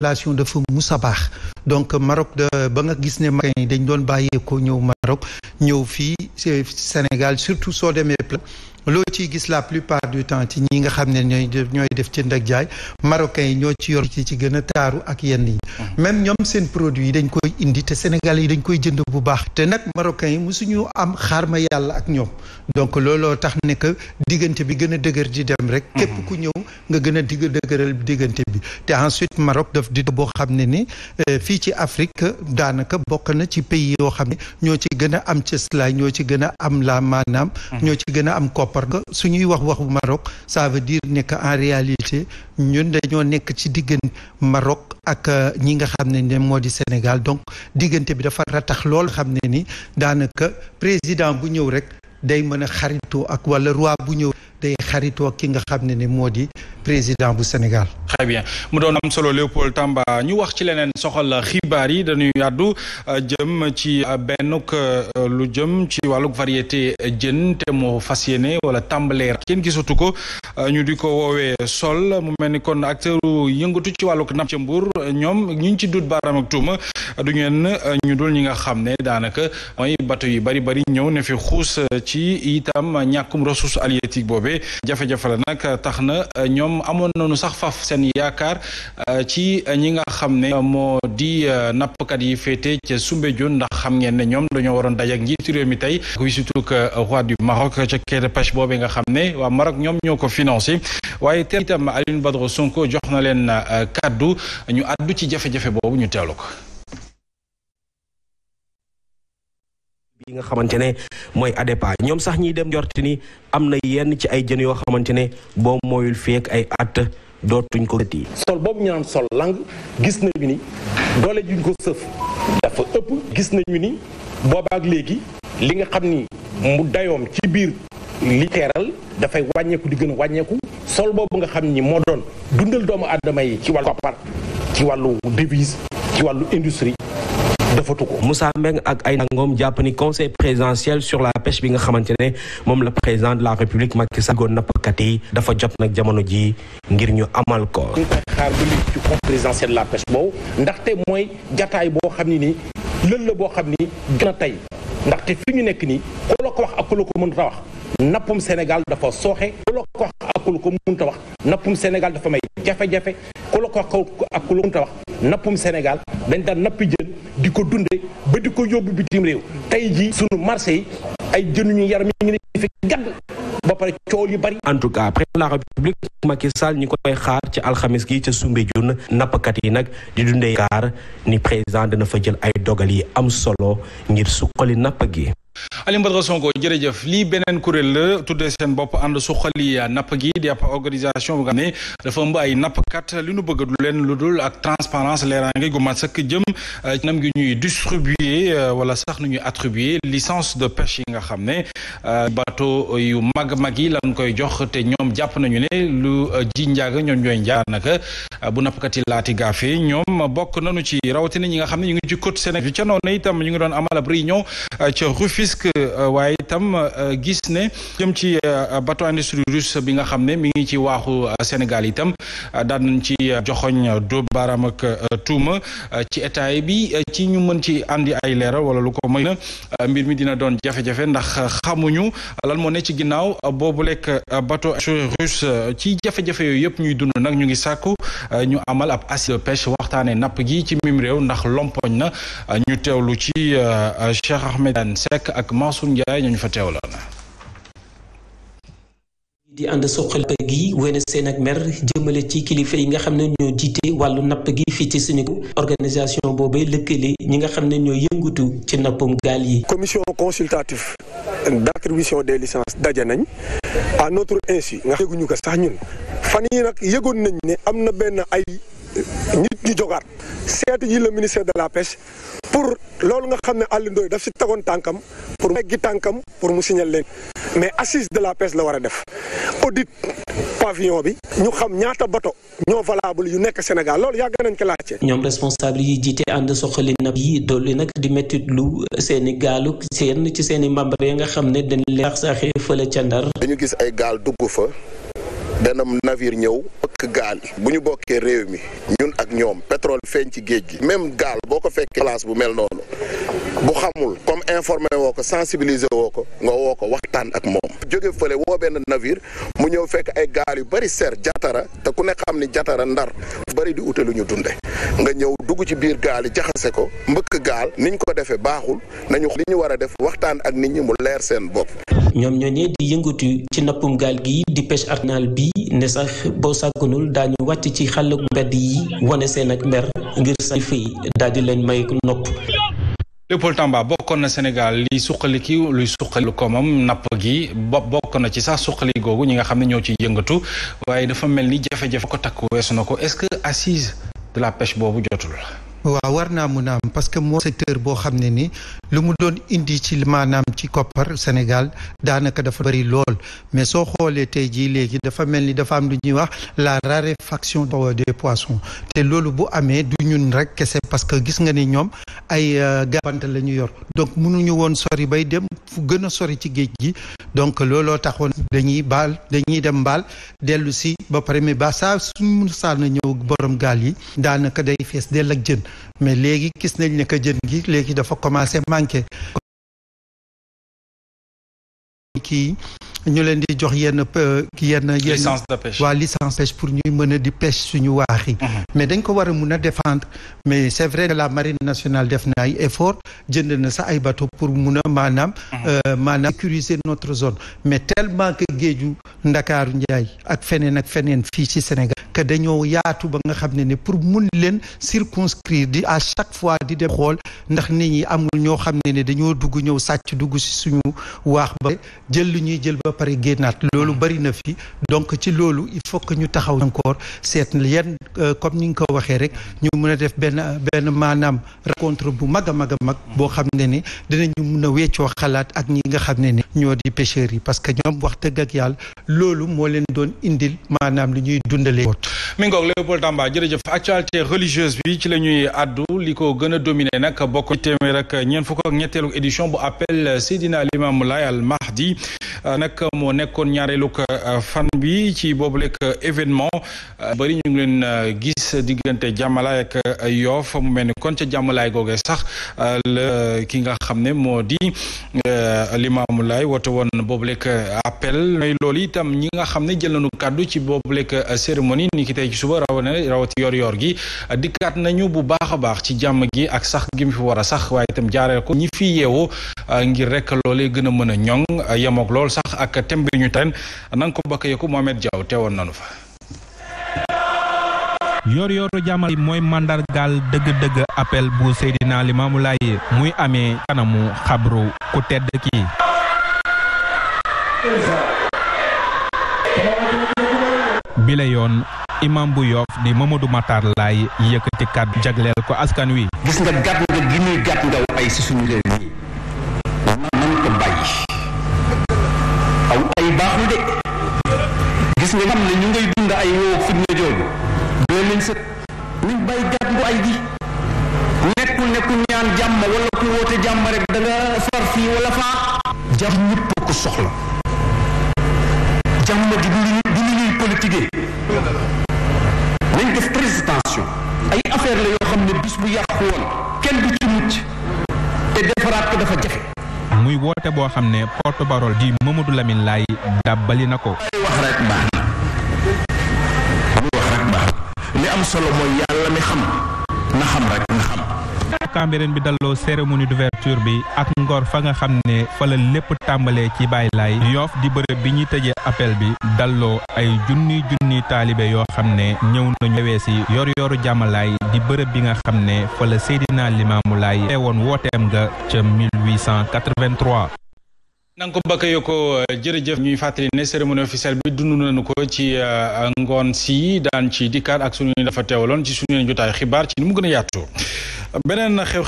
population dafa musa baax donc Maroc de ba nga gis ne Marocains yi dañ doon bàyyeekoo ñëw Maroc ñëw fii euh, Sénégal surtout soo demee pla loo ciy gis la plupart du temps ci ñi nga xam ne ñooy ñooy def jënd ak jaay marocain yi ñoo ci yoru ci ci gën a taaru ak yenn yi mmh. même ñoom seen produit yi dañ koy indi te Sénégal yi dañ koy jënd bu baax te nag marocain yi musuñu am xaarma yàlla ak ñoom donc looloo tax ne que diggante bi gën a dëgër di dem rek mmh. képp ku ñëw nga gën a digg dëgëral diggante bi te ensuite Maroc daf di boo xam ne ni euh, fii ci Afrique daanaka bokk na ci pays yoo xam ne ñoo ci gën a am cëslaay ñoo ci gën a am la maanaam mmh. parce que su ñuy wax waxu Maroc ça veut dire ne que en réalité ñun dañoo nekk ci diggante Maroc ak euh, ñi nga xam ne ne moo di Sénégal donc diggante bi dafa ratax lool xam ne ni daanaka président bu ñëw rek day mën a xaritoo ak wala roi bu ñëw day xaritoo ki nga xam ne ne moo di président bu Sénégal. très mu doon am solo Léopold Tamba ñu wax ci leneen soxal xibaar yi dañuy àddu euh, jëm ci euh, bennuk euh, lu jëm ci wàllug variété jën te mu fas yéene wala tàmbalee kenn gisatu ko ñu di ko woowee sol mu mel ni kon acteur yëngatu ci wàllug nap ca Mbuur ñoom ñu ngi ci dut baaraam ak tuuma du ngeen ñu dul ñi nga xam ne daanaka mooy bato yi bari bari ñëw ne fi xuus ci itam ñàkkum ressource halieutique boobee jafe-jafe la nag tax na ñoom amoon nañu sax faf seen yaakaar euh, ci ñi nga xam ne moo di euh, nappkat yi féete ca Soumbédioune ndax xam ngeen ne ñoom dañoo waroon daje ak njiitu réew mi tey surtout que euh, roi du Maroc ca quai de pêche nga xam ne waa Maroc ñoom ñoo ko financé waaye teel itam Alioune Badro Sonko jox na leen kàddu ñu àddu ci jafe-jafe boobu ñu teelu ko nga xamante ne mooy ADEPA ñoom sax ñiy dem njort am na yenn ci ay jën yoo xamante ne boo mooyul feek ay at dootuñ ko gët sol boobu ñu sol lang gis nañu ni doole juñ ko sëf dafa ëpp gis nañu ni ak léegi li nga xam ni mu dayoom ci biir li teeral dafay wàññeeku di gën a wàññeeku sol boobu nga xam ni moo doon dundal doomu aadama yi ci wàllu koppar ci wàllu devise ci wàllu industrie defatu ko Moussa Mbeng ak ay nangoom jàpp conseil présidentiel sur la pêche bi nga xamante ne moom la président de la république Macky Sall goon nappkat yi dafa jot nag jamono ji ngir ñu amal ko ñu koy xaar ba léegi ci conseil présidentiel de la pêche boobu ndaxte mooy jataay boo xam ne nii lën la boo xam ni gën a tey ndaxte fi ñu nekk nii ku la wax ak ku la ko mënut a wax nappum Sénégal dafa sooxee ku la ko wax ak ku la ko mënut wax nappum Sénégal dafa may jafe-jafe ko di ko dunde ba di ko yóbbu bitim réew tey ji sunu marché yi ay jënuñu yar mi ngi ne fi gadd ba pare coow yu bari en tout cas président de la république Macky Sall ñi koy xaar ci alxames gi nappkat yi nag di dundee kaar ni président dina fa jël ay dogal yi am solo ngir suqali napp gi Aly jërëjëf lii beneen kuréel la tuddee seen bopp ànd suqali napp gi di ab organisation bu nga xam ne dafa ëmb ay nappkat li nu bëgg du leen lu dul ak transparence leeraange gu mat sëkk jëm euh, ci nam gi ñuy distribuer euh, wala sax nu ñuy attribuer licence de pêche yi nga xam ne euh, bateau yu mag mag yi lan koy jox te ñoom jàpp nañu ne lu ji njaaga ñoom ñooy njaag naka bu nappkat yi laati gaafee ñoom bokk nanu ci rawatina ñi nga xam ne ñu ngi ci côte Sénégal ca noonu itam ñu ngi doon amal ab réunion risque euh, waaye itam euh, gis ne jëm ci euh, bateau industrie russe bi nga xam ne mi ngi ci waaxu Sénégal itam daan nañ ci joxoñ do baaraam ak tuuma ci état bi ci ñu mën ci àndi ay leeral wala lu ko may na mbir mi dina doon jafe-jafe ndax xamuñu lan moo ne ci ginnaaw boobu lekk bateau russe ci jafe-jafe yooyu yëpp ñuy dund nag ñu ngi sàkku Euh, ñu amal ab assis de pêche waxtaanee napp gi ci mim réew ndax lompoñ na euh, ñu teewlu ci euh, Cheikh Ahmed Tidiane ak Mansour Ndiaye ñu fa teewloon. di ànd suqal gi wéne seen ak mer jëmale ci kilifa yi nga xam ne ñoo jiite wàllu napp gi fii ci suñu organisation boobee lëkkale ñi nga xam ne ñoo yëngatu ci nappum gaal yi. commission consultative d'attribution de licences daje nañ à notre insu nga xeeguñu ko sax ñun. fan yi nag yëgoon nañ ne am na benn ay nit ñu jogaat seeti ji le ministère de la pêche pour loolu nga xam ne Alioune Ndoye daf si tegoon tànkam pour mu teggi tànkam pour mu signal leen mais assise de la pêche la war a def audit pavillon bi ñu xam ñaata bato ñoo valable yu nekk Sénégal loolu yàgg nañ ko laajte. ñoom responsable yi jiite ànd soxali napp yi dolli nag di métti lu seen i gaalu ci seen i membre yi nga xam ne dañ leen saax saaxee fële ca Ndar. dañu gis ay gaal dugg fa. dana navir ñëw ëkk gaal bu ñu bokkee réew mi ñun ak ñoom pétrole feeñ ci géej gi même gaal boo ko fekkee place bu mel noonu bu xamul comme informé woo ko sensibiliser woo ko nga woo ko waxtaan ak moom jóge fële woo benn navire mu ñëw fekk ay gaal yu bari ser jatara te ku ne xam ni jatara ndar bari di ute lu ñu dunde nga ñëw dugg ci biir gaal yi jaxase ko mbëkk gaal niñ ko defee baaxul nañu li ñu war a def waxtaan ak nit ñi mu leer seen bopp ñoom ñooñee di yëngatu ci nappum gaal gi di pêche artisanale bi ne sax boo sàggunul daañu wàcc ci xàllug mbedd yi wane seen ak mber ngir say fii daal di leen may nopp. Léopold Tamba bokkoon na Sénégal liy suqali ki luy suqali lu koomam napp gi bo bokk na ci sax suqali googu ñi nga xam ne ñoo ciy yëngatu waaye dafa mel ni jafe-jafe ko takk weesu na ko est-ce que assise de la pêche boobu jotul. waaw war naa mun am parce moo secteur boo xam ne ni lu mu doon indi ci maanaam ci koppar Sénégal daanaka dafa bëri lool mais soo xoolee tey jii léegi dafa mel ni dafa am lu ñuy wax la raréfaction des poissons te loolu bu amee du ñun rek kese parce que gis nga ni ñoom ay euh, gabante la ñu yor donc mënuñu woon sori bay dem fu gën a sori ci géej gi donc looloo taxoon dañuy baal dañuy dem mbaal dellu si ba pare mais ba saa suñ mun na ñëw borom gaal yi daanaka day fees dell ak jën mais léegi gis nañ ne que jën gi léegi dafa commencé manqué kii ñu leen di jox yenn euh, yenn yenn licence de pêche waa licence pêche pour ñuy mën a di pêche suñu waax yi mhm. mais dañ ko war a mun a défendre mais c'est vrai que la marine nationale def na ay effort jënd na sax ay bateau pour mun a maanaam mhm. euh, maanaam sécuriser notre zone mais tellement que géeju Ndakaaru Njaay ak feneen ak feneen fii ci Sénégal que dañoo yaatu ba nga xam ne ne pour mun leen circonscrire di à chaque fois di dem xool ndax nit ñi amul ñoo xam ne ne dañoo dugg ñëw sàcc dugg ci suñu waax ba jël lu ñuy jël ba pare génnaat loolu bëri na fi donc ci loolu il faut que ñu taxaw encore seet yan euh, comme ni nga ko waxee rek ñu mën a def benn benn maanaam rencontre bu mag a mag a mag boo xam ne ni ne dinañu mun a weccoo xalaat ak ñi nga xam ne ni ñoo di pêcheurs yi parce que ñoom wax dëgg ak yàlla loolu moo leen doon indil maanaam lu ñuy dundalee woot mi ngoog Léopold Tamba jërëjëf actualité religieuse bi ci la ñuy àddu li ko gën a dominé nag bokk téeméer ak ñeen fukk ak ñetteelu édition bu appel Seydina Limamou Laye al Mahdi euh, nag nag moo nekkoon ñaareelu euh, fan bi ci boobu lekk événement euh, bari ñu ngi leen euh, gis diggante jàmmalaay ak yoof mu mel ni kon ca jàmmalaay googe sax la ki nga xam ne moo di limaamu laay woote woon boobu lekk appel mooy loolu itam ñi nga xam ne jël nañu kàddu ci boobu lekk cérémonie ni ki tey ci suba rawane rawati yor yoor gi dikkaat nañu bu baax a baax ci jàmm gi ak sax gi mu fi war a sax waaye itam jaareel ko ñi fi yeewoo Euh, ngir rek loolee gën a mën a ñoŋ euh, yemook lool sax ak temb bi ñu tànn nan ko bakk yeeku Mohamed Diaw woon nanu fa yoor yooru yi mooy màndargaal dëgg-dëgg appel bu Seydina Limaamu Laay muy amee kanamu xabru ku tedd kii bile yoon imam bu yoof di Mamadou Matar Laay yëkkati jagleel ko askan wi gis nga gàtt gi muy gàtt ndaw ay si suñu réew mi aw ay baaxul de gis nga xam ne ñu ngay dund ay woo fitna jooju doo leen sët nañ bàyyi gàtt bu ay gi nekkul ne ku ñaan jàmm wala ku woote jàmm rek da nga far fii wala faa jàmm ñëpp ko soxla jàmm di du lu ñuy politiquer nañ def très attention ay affaire la yoo xam ne bis bu yàqu woon kenn du ci mucc te defaraat ko dafa jafe muy woote boo xam ne porte di Mamadou Lamine Laye dàbbali na ko. wax rek baax na. wax li am solo mooy yàlla mi xam na xam rek na xam. Cambérène bi dalloo cérémonie d'ouverture bi ak ngor fa nga xam ne fa la lépp tàmbalee ci Baay Laay Yoff di bërëb bi ñuy tëjee appel bi dalloo ay junni junni taalibe yoo xam ne ñëw nañu weesi yor yoru jàmmalaay di bërëb bi nga xam ne fa la Seydina Limaamu Laay teewoon wooteem nga ca 1883 nanga ko bakka yo ko jërëjëf ñuy fàttali ne cérémonie officielle bi dund nañu ko ci euh, ngoon si daan ci dikkaat ak suñu dafa teewaloon ci suñu jotaay xibaar ci ni gën a beneen xew